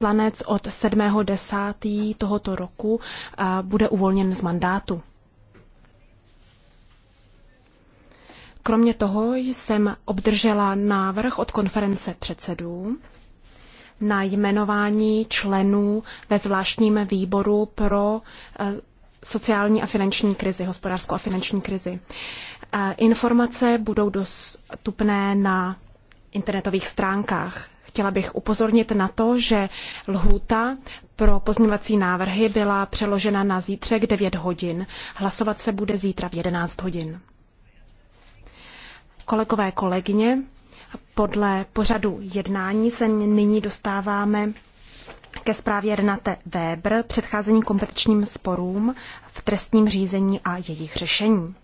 Poslanec od 7.10. tohoto roku bude uvolněn z mandátu. Kromě toho jsem obdržela návrh od konference předsedů na jmenování členů ve zvláštním výboru pro e, sociální a finanční krizi, hospodářskou a finanční krizi. E, informace budou dostupné na internetových stránkách Chtěla bych upozornit na to, že lhůta pro pozměňovací návrhy byla přeložena na zítřek 9 hodin. Hlasovat se bude zítra v 11 hodin. Kolegové, kolegyně, podle pořadu jednání se nyní dostáváme ke zprávě Renate Weber předcházení kompetičním sporům v trestním řízení a jejich řešení.